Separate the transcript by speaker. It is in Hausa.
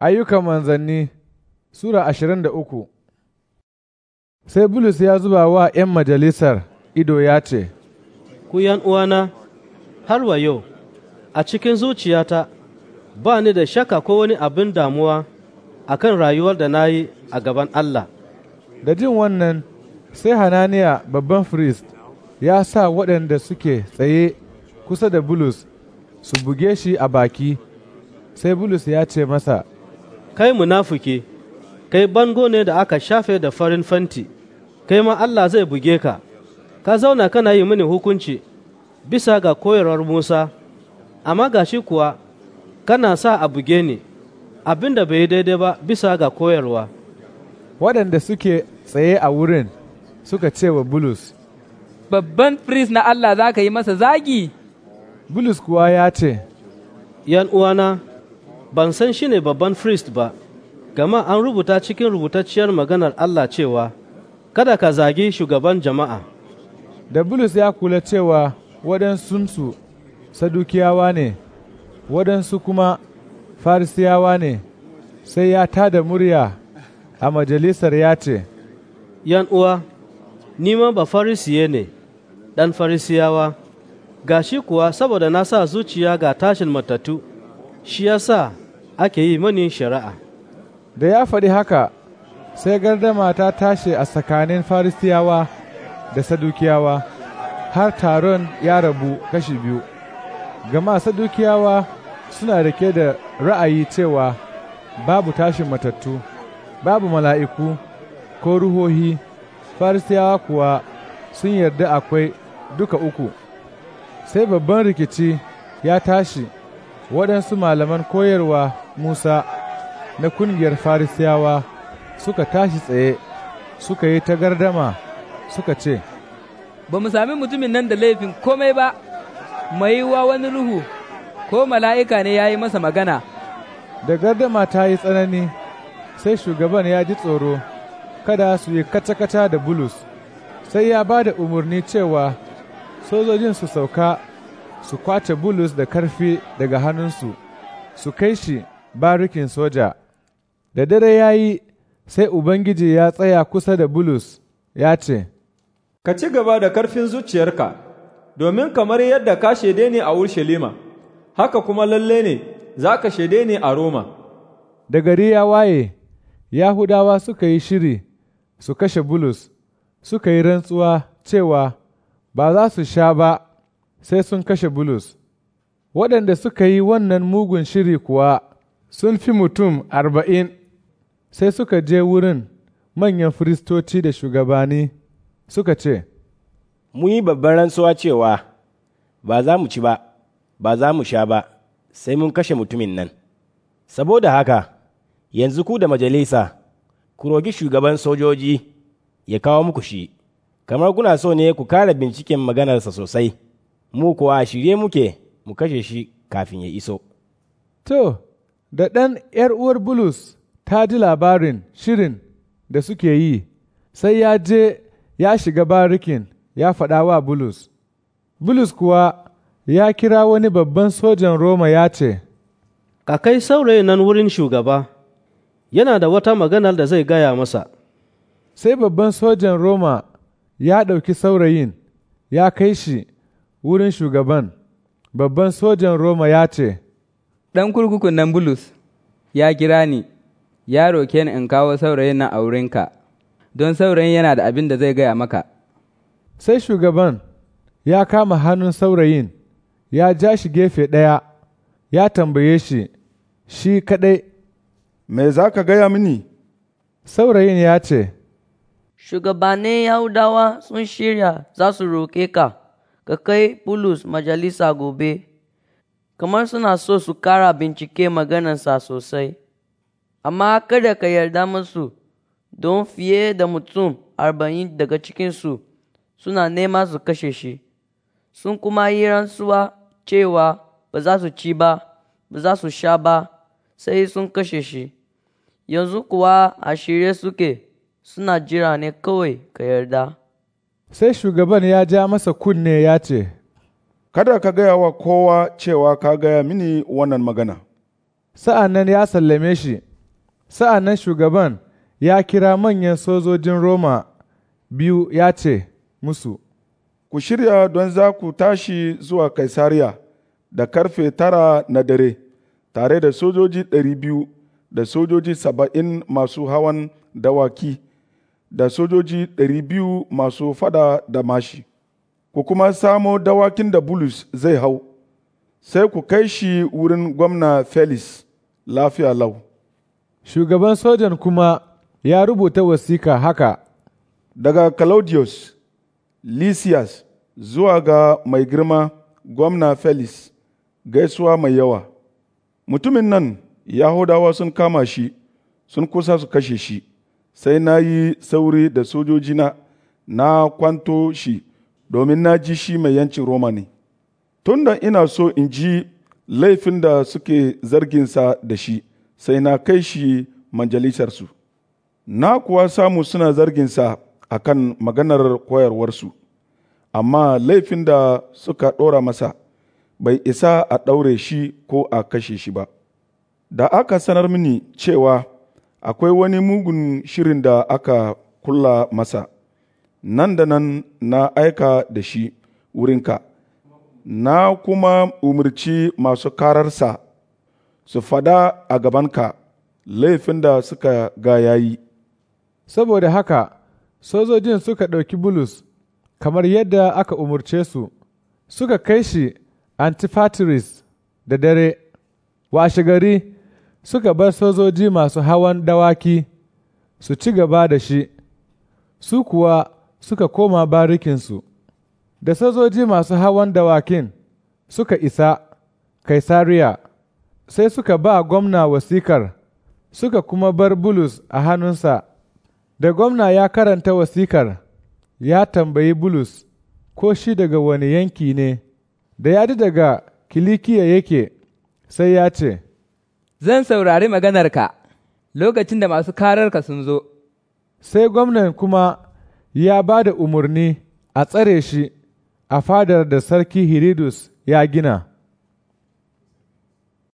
Speaker 1: Ayyukan manzanni Sura ashirin da uku Sai Bulus ya zuba wa ’yan majalisar ido ya ce,
Speaker 2: Ku uwana, har wa yau, a cikin zuciyata ba ni da shaka ko wani abin damuwa a kan rayuwar da na yi a gaban Allah. Da jin wannan,
Speaker 1: sai Hananiya babban firist ya sa waɗanda suke tsaye kusa da Bulus su buge shi a baki, sai Bulus ya ce masa,
Speaker 2: kai munafuki kai bango ne da aka shafe da farin fanti kai ma Allah zai buge ka ka zauna kana yi mini hukunci bisa ga koyarwar Musa amma gashi kuwa kana sa a buge ni abinda bai bai daidai ba bisa ga koyarwa waɗanda suke tsaye a
Speaker 1: wurin suka ce wa Bulus
Speaker 2: babban firist na Allah za ka yi masa zagi Bulus kuwa ya ce yan uwana ban san shi ne babban priest ba gama an rubuta cikin rubutacciyar maganar Allah cewa kada ka zagi shugaban jama'a
Speaker 1: da bulus ya kula cewa waɗansunsu sadukiyawa ne waɗansu kuma farisiyawa ne sai ya tada murya a majalisar ya ce
Speaker 2: yan uwa ma ba farisiye ne ɗan farisiyawa ga shi kuwa saboda na sa zuciya ga tashin matattu shi ya sa ake yi mani shari'a.
Speaker 1: Da ya faɗi haka, sai gardama ta tashi a tsakanin farisiyawa da sadukiyawa, har taron ya rabu kashi biyu. Gama sadukiyawa suna rike da ra'ayi cewa babu tashin matattu, babu mala'iku ko ruhohi, farisiyawa kuwa sun yarda akwai duka uku. Sai babban rikici ya tashi waɗansu malaman koyarwa Musa na kungiyar Farisiyawa suka tashi tsaye suka yi ta
Speaker 2: gardama suka ce, Ba mu sami mutumin nan da laifin komai ba, mai wa wani ruhu ko mala'ika ne ya yi masa magana.
Speaker 1: Da gardama ta yi tsanani, sai shugaban ya ji tsoro, kada su yi kaca-kaca da bulus, sai ya ba da umarni cewa sojojin su sauka su kwace bulus da karfi daga hannunsu, su kai shi barikin soja, da dare ya yi sai Ubangiji ya tsaya kusa da Bulus ya ce,
Speaker 3: Ka ci gaba da karfin zuciyarka, domin kamar yadda ka shaide ni a Urshalima, haka kuma lalle ne za ka shaide ni a Roma.
Speaker 1: Da gari ya waye, Yahudawa suka yi shiri su kashe Bulus, suka yi rantsuwa cewa ba za su sha ba sai sun kashe Bulus. Waɗanda suka yi wannan mugun shiri kuwa sun fi mutum arba'in sai suka je wurin manyan firistoci da shugabani suka ce,
Speaker 2: Mun yi babban rantsuwa cewa ba za mu ci ba, ba za mu sha ba, sai mun kashe mutumin nan. Saboda haka, yanzu ku da majalisa, ku rogi shugaban sojoji ya kawo muku shi, kamar kuna so ne ku kare binciken maganarsa sosai, mu kuwa shirye muke mu kashe shi kafin ya iso. To, Da ɗan
Speaker 1: ’yar uwar Bulus ta ji labarin shirin da suke yi, sai ya je ya shiga barikin ya faɗa wa Bulus. Bulus kuwa
Speaker 2: ya kira wani babban sojan Roma ya ce, Ka kai saurayin nan wurin shugaba, yana da wata maganar da zai gaya masa. Sai babban sojan
Speaker 1: Roma ya ɗauki saurayin ya kai shi wurin shugaban,
Speaker 2: babban sojan Roma ya ce, ɗan kurkukun nan Bulus ya kira ni, ya roke ni in kawo saurayin na aurenka, don saurayin yana da abin da zai gaya maka.
Speaker 1: Sai shugaban ya kama hannun saurayin, ya ja shi gefe ɗaya, ya tambaye shi, shi kaɗai. Me za ka gaya mini? Saurayin ya ce,
Speaker 2: Shugabannin Yahudawa sun shirya za su roke ka, ka kai Bulus majalisa gobe. kamar suna so su kara bincike maganarsa sosai, amma kada ka yarda musu don fiye da mutum arba'in daga cikinsu suna nema su kashe shi, sun kuma yi rantsuwa cewa ba za su ci ba, ba za su sha ba, sai sun kashe shi, yanzu kuwa a shirye suke suna jira ne kawai ka yarda.
Speaker 3: Sai shugaban ya ja masa kunne ya ce, kada ka gaya wa kowa cewa ka gaya mini wannan magana. Sa'an nan ya sallame
Speaker 1: shi, sa'an nan shugaban ya kira manyan sojojin Roma
Speaker 3: biyu ya ce musu, Ku shirya don za ku tashi zuwa Kaisariya da karfe tara na dare, tare da sojoji ɗari biyu da sojoji saba'in masu hawan dawaki da sojoji ɗari biyu masu fada da mashi. ku kuma samo dawakin da Bulus zai hau, sai ku kai shi wurin gwamna Felis lafiya lau. Shugaban sojan kuma ya rubuta wasika haka. Daga Claudius, Lysias zuwa ga mai girma gwamna Felis gaisuwa mai yawa. Mutumin nan Yahudawa sun kama shi, sun kusa su kashe shi, sai na yi sauri da sojojina na kwanto shi. domin na ji shi mai yancin Roma ne. Tunda ina so in ji laifin da suke zarginsa da shi, sai na kai shi majalisarsu. Na kuwa samu suna zarginsa a kan maganar koyarwarsu, amma laifin da suka ɗora masa bai isa a ɗaure shi ko a kashe shi ba. Da aka sanar mini cewa akwai wani mugun shirin da aka kula masa. nan da nan na aika da shi wurinka, na kuma umarci masu kararsa su fada a gabanka laifin da suka ga yayi. Saboda haka, sojojin
Speaker 1: suka ɗauki Bulus kamar yadda aka umarce su, suka kai shi antifatiris da dare, washegari suka bar sojoji masu hawan dawaki su ci gaba da shi, su kuwa suka koma barikinsu, da sojoji masu hawan dawakin suka isa Kaisariya, sai suka ba gwamna wasikar, suka kuma bar Bulus a hannunsa, da gwamna ya karanta wasikar, ya tambayi Bulus ko shi daga wani yanki ne, da ya ji daga Kilikiya yake, sai ya ce, Zan saurari maganarka
Speaker 2: lokacin da masu kararka sun zo.
Speaker 1: Sai gwamnan kuma ya ba da umarni a tsare shi a fadar da sarki Hiridus ya gina.